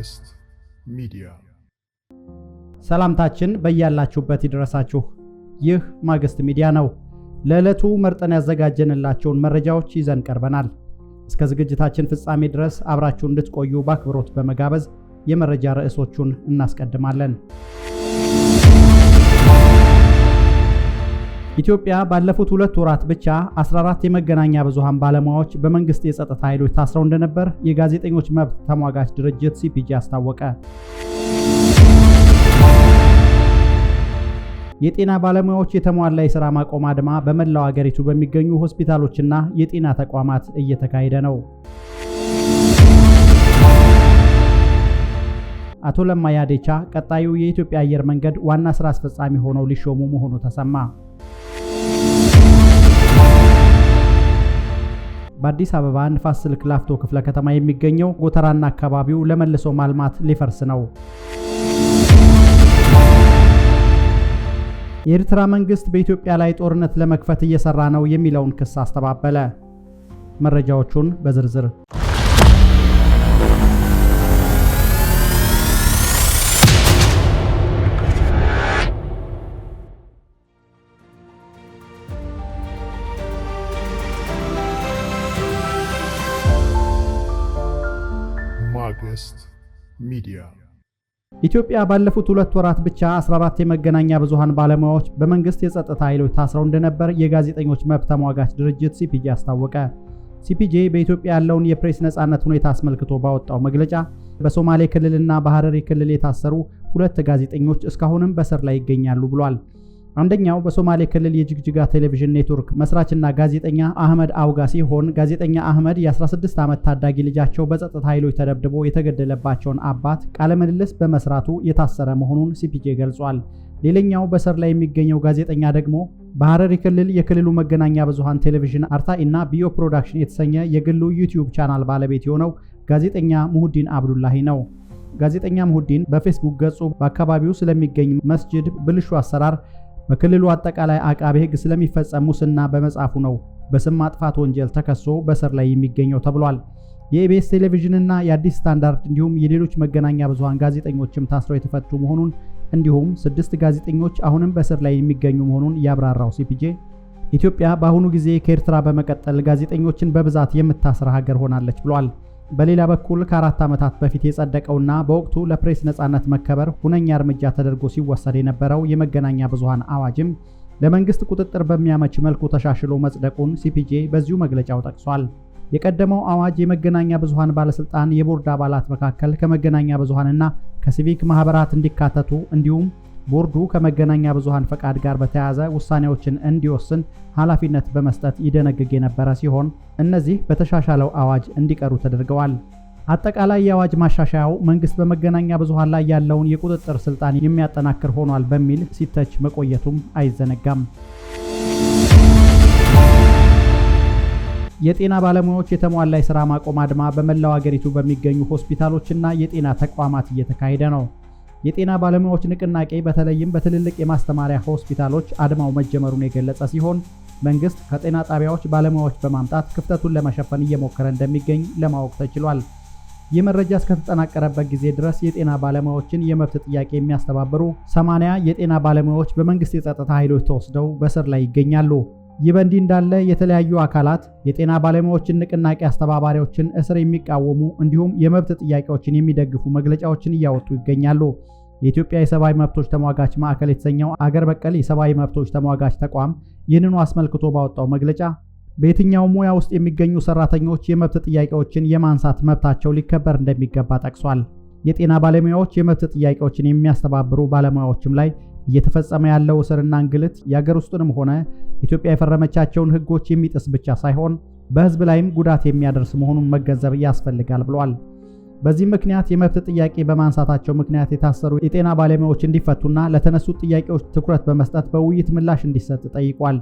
ፖድካስት ሚዲያ ሰላምታችን በያላችሁበት ይድረሳችሁ። ይህ ማግስት ሚዲያ ነው። ለዕለቱ መርጠን ያዘጋጀንላቸውን መረጃዎች ይዘን ቀርበናል። እስከ ዝግጅታችን ፍጻሜ ድረስ አብራችሁ እንድትቆዩ በአክብሮት በመጋበዝ የመረጃ ርዕሶቹን እናስቀድማለን። ኢትዮጵያ ባለፉት ሁለት ወራት ብቻ 14 የመገናኛ ብዙሃን ባለሙያዎች በመንግስት የጸጥታ ኃይሎች ታስረው እንደነበር የጋዜጠኞች መብት ተሟጋች ድርጅት ሲፒጂ አስታወቀ። የጤና ባለሙያዎች የተሟላ የሥራ ማቆም አድማ በመላው አገሪቱ በሚገኙ ሆስፒታሎችና የጤና ተቋማት እየተካሄደ ነው። አቶ ለማ ያዴቻ ቀጣዩ የኢትዮጵያ አየር መንገድ ዋና ሥራ አስፈጻሚ ሆነው ሊሾሙ መሆኑ ተሰማ። በአዲስ አበባ ንፋስ ስልክ ላፍቶ ክፍለ ከተማ የሚገኘው ጎተራና አካባቢው ለመልሶ ማልማት ሊፈርስ ነው። የኤርትራ መንግስት በኢትዮጵያ ላይ ጦርነት ለመክፈት እየሰራ ነው የሚለውን ክስ አስተባበለ። መረጃዎቹን በዝርዝር መንግስት ሚዲያ ኢትዮጵያ ባለፉት ሁለት ወራት ብቻ 14 የመገናኛ ብዙሃን ባለሙያዎች በመንግስት የጸጥታ ኃይሎች ታስረው እንደነበር የጋዜጠኞች መብት ተሟጋች ድርጅት ሲፒጂ አስታወቀ። ሲፒጄ በኢትዮጵያ ያለውን የፕሬስ ነጻነት ሁኔታ አስመልክቶ ባወጣው መግለጫ በሶማሌ ክልልና በሐረሪ ክልል የታሰሩ ሁለት ጋዜጠኞች እስካሁንም በስር ላይ ይገኛሉ ብሏል። አንደኛው በሶማሌ ክልል የጅግጅጋ ቴሌቪዥን ኔትወርክ መስራችና ጋዜጠኛ አህመድ አውጋ ሲሆን ጋዜጠኛ አህመድ የ16 ዓመት ታዳጊ ልጃቸው በጸጥታ ኃይሎች ተደብድቦ የተገደለባቸውን አባት ቃለምልልስ በመስራቱ የታሰረ መሆኑን ሲፒጄ ገልጿል። ሌላኛው በእስር ላይ የሚገኘው ጋዜጠኛ ደግሞ በሐረሪ ክልል የክልሉ መገናኛ ብዙሃን ቴሌቪዥን አርታኢ እና ቢዮ ፕሮዳክሽን የተሰኘ የግሉ ዩቲዩብ ቻናል ባለቤት የሆነው ጋዜጠኛ ሙሁዲን አብዱላሂ ነው። ጋዜጠኛ ሙሁዲን በፌስቡክ ገጹ በአካባቢው ስለሚገኝ መስጅድ ብልሹ አሰራር በክልሉ አጠቃላይ አቃቤ ሕግ ስለሚፈጸም ሙስና በመጻፉ ነው በስም ማጥፋት ወንጀል ተከሶ በእስር ላይ የሚገኘው ተብሏል። የኢቢኤስ ቴሌቪዥንና የአዲስ ስታንዳርድ እንዲሁም የሌሎች መገናኛ ብዙሃን ጋዜጠኞችም ታስረው የተፈቱ መሆኑን እንዲሁም ስድስት ጋዜጠኞች አሁንም በእስር ላይ የሚገኙ መሆኑን ያብራራው ሲፒጄ ኢትዮጵያ በአሁኑ ጊዜ ከኤርትራ በመቀጠል ጋዜጠኞችን በብዛት የምታስር ሀገር ሆናለች ብሏል። በሌላ በኩል ከአራት ዓመታት በፊት የጸደቀውና በወቅቱ ለፕሬስ ነፃነት መከበር ሁነኛ እርምጃ ተደርጎ ሲወሰድ የነበረው የመገናኛ ብዙሃን አዋጅም ለመንግስት ቁጥጥር በሚያመች መልኩ ተሻሽሎ መጽደቁን ሲፒጄ በዚሁ መግለጫው ጠቅሷል። የቀደመው አዋጅ የመገናኛ ብዙሃን ባለስልጣን የቦርድ አባላት መካከል ከመገናኛ ብዙሃንና ከሲቪክ ማህበራት እንዲካተቱ እንዲሁም ቦርዱ ከመገናኛ ብዙሃን ፈቃድ ጋር በተያያዘ ውሳኔዎችን እንዲወስን ኃላፊነት በመስጠት ይደነግግ የነበረ ሲሆን እነዚህ በተሻሻለው አዋጅ እንዲቀሩ ተደርገዋል። አጠቃላይ የአዋጅ ማሻሻያው መንግስት በመገናኛ ብዙሃን ላይ ያለውን የቁጥጥር ስልጣን የሚያጠናክር ሆኗል በሚል ሲተች መቆየቱም አይዘነጋም። የጤና ባለሙያዎች የተሟላ የሥራ ማቆም አድማ በመላው አገሪቱ በሚገኙ ሆስፒታሎችና የጤና ተቋማት እየተካሄደ ነው። የጤና ባለሙያዎች ንቅናቄ በተለይም በትልልቅ የማስተማሪያ ሆስፒታሎች አድማው መጀመሩን የገለጸ ሲሆን መንግስት ከጤና ጣቢያዎች ባለሙያዎች በማምጣት ክፍተቱን ለመሸፈን እየሞከረ እንደሚገኝ ለማወቅ ተችሏል። ይህ መረጃ እስከተጠናቀረበት ጊዜ ድረስ የጤና ባለሙያዎችን የመብት ጥያቄ የሚያስተባብሩ 80 የጤና ባለሙያዎች በመንግስት የጸጥታ ኃይሎች ተወስደው በስር ላይ ይገኛሉ። ይህ በእንዲህ እንዳለ የተለያዩ አካላት የጤና ባለሙያዎችን ንቅናቄ አስተባባሪዎችን እስር የሚቃወሙ እንዲሁም የመብት ጥያቄዎችን የሚደግፉ መግለጫዎችን እያወጡ ይገኛሉ። የኢትዮጵያ የሰብአዊ መብቶች ተሟጋች ማዕከል የተሰኘው አገር በቀል የሰብአዊ መብቶች ተሟጋች ተቋም ይህንኑ አስመልክቶ ባወጣው መግለጫ በየትኛው ሙያ ውስጥ የሚገኙ ሰራተኞች የመብት ጥያቄዎችን የማንሳት መብታቸው ሊከበር እንደሚገባ ጠቅሷል። የጤና ባለሙያዎች የመብት ጥያቄዎችን የሚያስተባብሩ ባለሙያዎችም ላይ እየተፈጸመ ያለው እስርና እንግልት የአገር ውስጥንም ሆነ ኢትዮጵያ የፈረመቻቸውን ሕጎች የሚጥስ ብቻ ሳይሆን በሕዝብ ላይም ጉዳት የሚያደርስ መሆኑን መገንዘብ ያስፈልጋል ብሏል። በዚህ ምክንያት የመብት ጥያቄ በማንሳታቸው ምክንያት የታሰሩ የጤና ባለሙያዎች እንዲፈቱና ለተነሱት ጥያቄዎች ትኩረት በመስጠት በውይይት ምላሽ እንዲሰጥ ጠይቋል።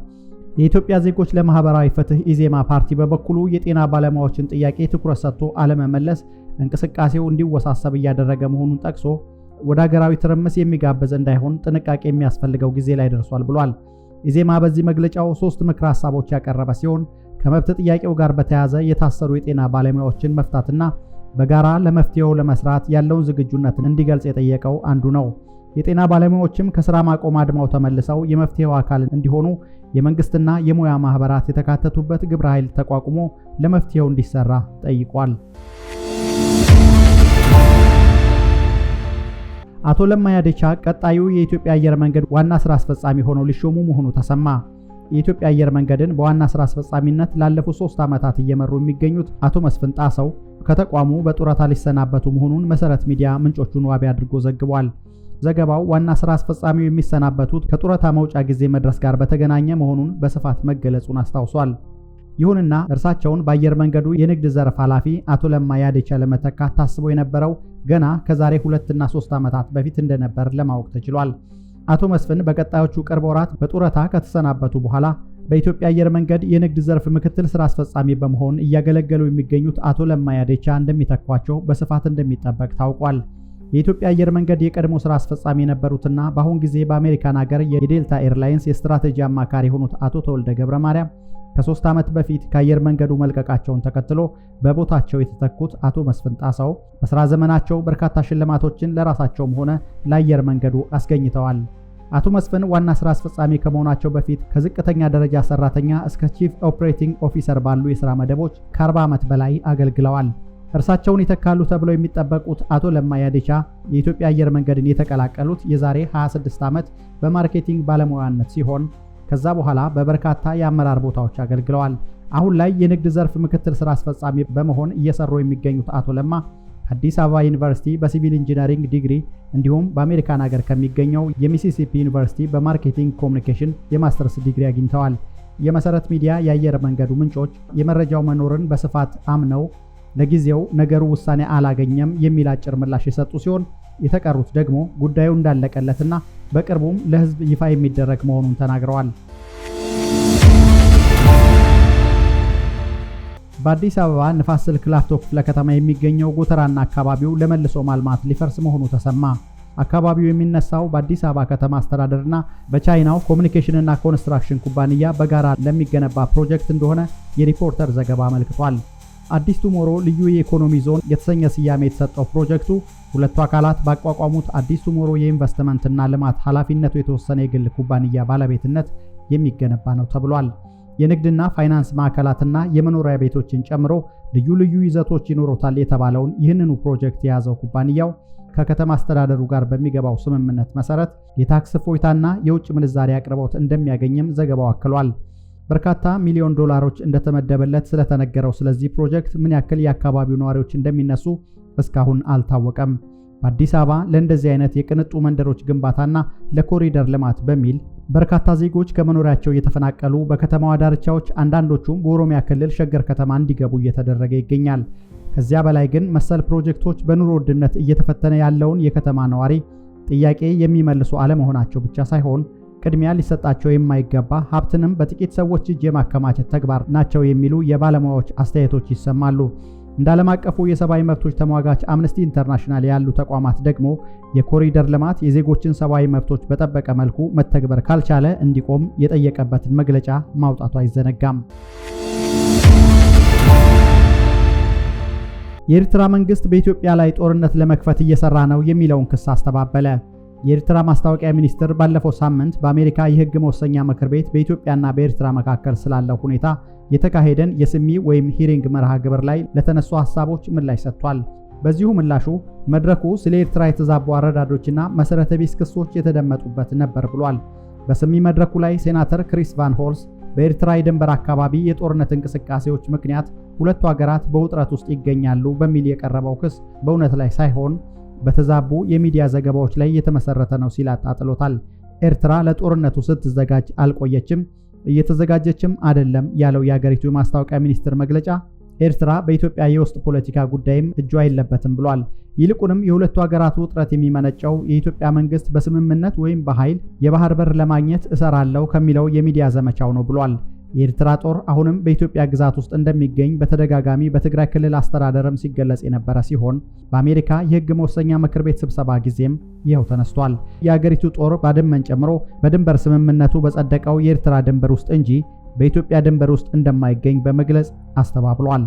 የኢትዮጵያ ዜጎች ለማህበራዊ ፍትህ ኢዜማ ፓርቲ በበኩሉ የጤና ባለሙያዎችን ጥያቄ ትኩረት ሰጥቶ አለመመለስ እንቅስቃሴው እንዲወሳሰብ እያደረገ መሆኑን ጠቅሶ ወደ አገራዊ ትርምስ የሚጋበዝ እንዳይሆን ጥንቃቄ የሚያስፈልገው ጊዜ ላይ ደርሷል ብሏል። ኢዜማ በዚህ መግለጫው ሶስት ምክር ሀሳቦች ያቀረበ ሲሆን ከመብት ጥያቄው ጋር በተያያዘ የታሰሩ የጤና ባለሙያዎችን መፍታትና በጋራ ለመፍትሄው ለመስራት ያለውን ዝግጁነት እንዲገልጽ የጠየቀው አንዱ ነው። የጤና ባለሙያዎችም ከስራ ማቆም አድማው ተመልሰው የመፍትሄው አካል እንዲሆኑ የመንግስትና የሙያ ማህበራት የተካተቱበት ግብረ ኃይል ተቋቁሞ ለመፍትሄው እንዲሰራ ጠይቋል። አቶ ለማ ቀጣዩ የኢትዮጵያ አየር መንገድ ዋና ስራ አስፈጻሚ ሆነው ሊሾሙ መሆኑ ተሰማ። የኢትዮጵያ አየር መንገድን በዋና ስራ አስፈጻሚነት ላለፉት ሶስት ዓመታት እየመሩ የሚገኙት አቶ መስፍን ጣሰው ከተቋሙ በጡረታ ሊሰናበቱ መሆኑን መሰረት ሚዲያ ምንጮቹን ዋቢ አድርጎ ዘግቧል። ዘገባው ዋና ስራ አስፈጻሚው የሚሰናበቱት ከጡረታ መውጫ ጊዜ መድረስ ጋር በተገናኘ መሆኑን በስፋት መገለጹን አስታውሷል። ይሁንና እርሳቸውን በአየር መንገዱ የንግድ ዘርፍ ኃላፊ አቶ ለማ ያደቻ ለመተካት ታስቦ የነበረው ገና ከዛሬ ሁለትና ሶስት ዓመታት በፊት እንደነበር ለማወቅ ተችሏል። አቶ መስፍን በቀጣዮቹ ቅርብ ወራት በጡረታ ከተሰናበቱ በኋላ በኢትዮጵያ አየር መንገድ የንግድ ዘርፍ ምክትል ስራ አስፈጻሚ በመሆን እያገለገሉ የሚገኙት አቶ ለማ እንደሚተኳቸው በስፋት እንደሚጠበቅ ታውቋል። የኢትዮጵያ አየር መንገድ የቀድሞ ስራ አስፈጻሚ የነበሩትና በአሁን ጊዜ በአሜሪካን ሀገር የዴልታ ኤርላይንስ የስትራቴጂ አማካሪ የሆኑት አቶ ተወልደ ገብረ ማርያም ከሶስት ዓመት በፊት ከአየር መንገዱ መልቀቃቸውን ተከትሎ በቦታቸው የተተኩት አቶ መስፍን ጣሳው በስራ ዘመናቸው በርካታ ሽልማቶችን ለራሳቸውም ሆነ ለአየር መንገዱ አስገኝተዋል። አቶ መስፍን ዋና ስራ አስፈጻሚ ከመሆናቸው በፊት ከዝቅተኛ ደረጃ ሰራተኛ እስከ ቺፍ ኦፕሬቲንግ ኦፊሰር ባሉ የስራ መደቦች ከ40 ዓመት በላይ አገልግለዋል። እርሳቸውን ይተካሉ ተብለው የሚጠበቁት አቶ ለማ ያዴቻ የኢትዮጵያ አየር መንገድን የተቀላቀሉት የዛሬ 26 ዓመት በማርኬቲንግ ባለሙያነት ሲሆን ከዛ በኋላ በበርካታ የአመራር ቦታዎች አገልግለዋል። አሁን ላይ የንግድ ዘርፍ ምክትል ስራ አስፈጻሚ በመሆን እየሰሩ የሚገኙት አቶ ለማ አዲስ አበባ ዩኒቨርሲቲ በሲቪል ኢንጂነሪንግ ዲግሪ እንዲሁም በአሜሪካን ሀገር ከሚገኘው የሚሲሲፒ ዩኒቨርሲቲ በማርኬቲንግ ኮሚኒኬሽን የማስተርስ ዲግሪ አግኝተዋል። የመሰረት ሚዲያ የአየር መንገዱ ምንጮች የመረጃው መኖርን በስፋት አምነው ለጊዜው ነገሩ ውሳኔ አላገኘም የሚል አጭር ምላሽ የሰጡ ሲሆን የተቀሩት ደግሞ ጉዳዩ እንዳለቀለትና በቅርቡም ለሕዝብ ይፋ የሚደረግ መሆኑን ተናግረዋል። በአዲስ አበባ ንፋስ ስልክ ላፍቶ ክፍለ ከተማ የሚገኘው ጎተራና አካባቢው ለመልሶ ማልማት ሊፈርስ መሆኑ ተሰማ። አካባቢው የሚነሳው በአዲስ አበባ ከተማ አስተዳደርና በቻይናው ኮሚኒኬሽንና ኮንስትራክሽን ኩባንያ በጋራ ለሚገነባ ፕሮጀክት እንደሆነ የሪፖርተር ዘገባ አመልክቷል። አዲስ ቱሞሮ ልዩ የኢኮኖሚ ዞን የተሰኘ ስያሜ የተሰጠው ፕሮጀክቱ ሁለቱ አካላት ባቋቋሙት አዲስ ቱሞሮ የኢንቨስትመንትና ልማት ኃላፊነቱ የተወሰነ የግል ኩባንያ ባለቤትነት የሚገነባ ነው ተብሏል። የንግድና ፋይናንስ ማዕከላትና የመኖሪያ ቤቶችን ጨምሮ ልዩ ልዩ ይዘቶች ይኖሩታል የተባለውን ይህንኑ ፕሮጀክት የያዘው ኩባንያው ከከተማ አስተዳደሩ ጋር በሚገባው ስምምነት መሰረት የታክስ እፎይታና የውጭ ምንዛሪ አቅርቦት እንደሚያገኝም ዘገባው አክሏል። በርካታ ሚሊዮን ዶላሮች እንደተመደበለት ስለተነገረው ስለዚህ ፕሮጀክት ምን ያክል የአካባቢው ነዋሪዎች እንደሚነሱ እስካሁን አልታወቀም። በአዲስ አበባ ለእንደዚህ አይነት የቅንጡ መንደሮች ግንባታና ለኮሪደር ልማት በሚል በርካታ ዜጎች ከመኖሪያቸው እየተፈናቀሉ በከተማዋ ዳርቻዎች፣ አንዳንዶቹም በኦሮሚያ ክልል ሸገር ከተማ እንዲገቡ እየተደረገ ይገኛል። ከዚያ በላይ ግን መሰል ፕሮጀክቶች በኑሮ ውድነት እየተፈተነ ያለውን የከተማ ነዋሪ ጥያቄ የሚመልሱ አለመሆናቸው ብቻ ሳይሆን ቅድሚያ ሊሰጣቸው የማይገባ ሀብትንም በጥቂት ሰዎች እጅ የማከማቸት ተግባር ናቸው የሚሉ የባለሙያዎች አስተያየቶች ይሰማሉ። እንደ ዓለም አቀፉ የሰብአዊ መብቶች ተሟጋች አምነስቲ ኢንተርናሽናል ያሉ ተቋማት ደግሞ የኮሪደር ልማት የዜጎችን ሰብአዊ መብቶች በጠበቀ መልኩ መተግበር ካልቻለ እንዲቆም የጠየቀበትን መግለጫ ማውጣቱ አይዘነጋም። የኤርትራ መንግስት በኢትዮጵያ ላይ ጦርነት ለመክፈት እየሰራ ነው የሚለውን ክስ አስተባበለ። የኤርትራ ማስታወቂያ ሚኒስትር ባለፈው ሳምንት በአሜሪካ የሕግ መወሰኛ ምክር ቤት በኢትዮጵያና በኤርትራ መካከል ስላለው ሁኔታ የተካሄደን የስሚ ወይም ሂሪንግ መርሃ ግብር ላይ ለተነሱ ሀሳቦች ምላሽ ሰጥቷል። በዚሁ ምላሹ መድረኩ ስለ ኤርትራ የተዛቡ አረዳዶችና መሰረተ ቢስ ክሶች የተደመጡበት ነበር ብሏል። በስሚ መድረኩ ላይ ሴናተር ክሪስ ቫን ሆልስ በኤርትራ የድንበር አካባቢ የጦርነት እንቅስቃሴዎች ምክንያት ሁለቱ ሀገራት በውጥረት ውስጥ ይገኛሉ በሚል የቀረበው ክስ በእውነት ላይ ሳይሆን በተዛቡ የሚዲያ ዘገባዎች ላይ የተመሰረተ ነው ሲል አጣጥሎታል። ኤርትራ ለጦርነቱ ስትዘጋጅ አልቆየችም፣ እየተዘጋጀችም አይደለም ያለው የአገሪቱ የማስታወቂያ ሚኒስትር መግለጫ ኤርትራ በኢትዮጵያ የውስጥ ፖለቲካ ጉዳይም እጇ የለበትም ብሏል። ይልቁንም የሁለቱ ሀገራት ውጥረት የሚመነጨው የኢትዮጵያ መንግስት በስምምነት ወይም በኃይል የባህር በር ለማግኘት እሰራለሁ ከሚለው የሚዲያ ዘመቻው ነው ብሏል። የኤርትራ ጦር አሁንም በኢትዮጵያ ግዛት ውስጥ እንደሚገኝ በተደጋጋሚ በትግራይ ክልል አስተዳደርም ሲገለጽ የነበረ ሲሆን በአሜሪካ የሕግ መወሰኛ ምክር ቤት ስብሰባ ጊዜም ይኸው ተነስቷል። የአገሪቱ ጦር ባድመን ጨምሮ በድንበር ስምምነቱ በጸደቀው የኤርትራ ድንበር ውስጥ እንጂ በኢትዮጵያ ድንበር ውስጥ እንደማይገኝ በመግለጽ አስተባብሏል።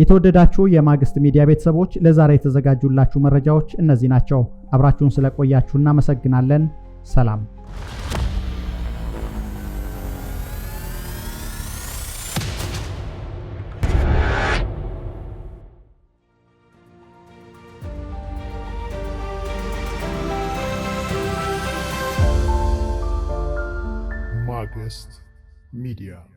የተወደዳችሁ የማግስት ሚዲያ ቤተሰቦች ለዛሬ የተዘጋጁላችሁ መረጃዎች እነዚህ ናቸው። አብራችሁን ስለቆያችሁ እናመሰግናለን። ሰላም media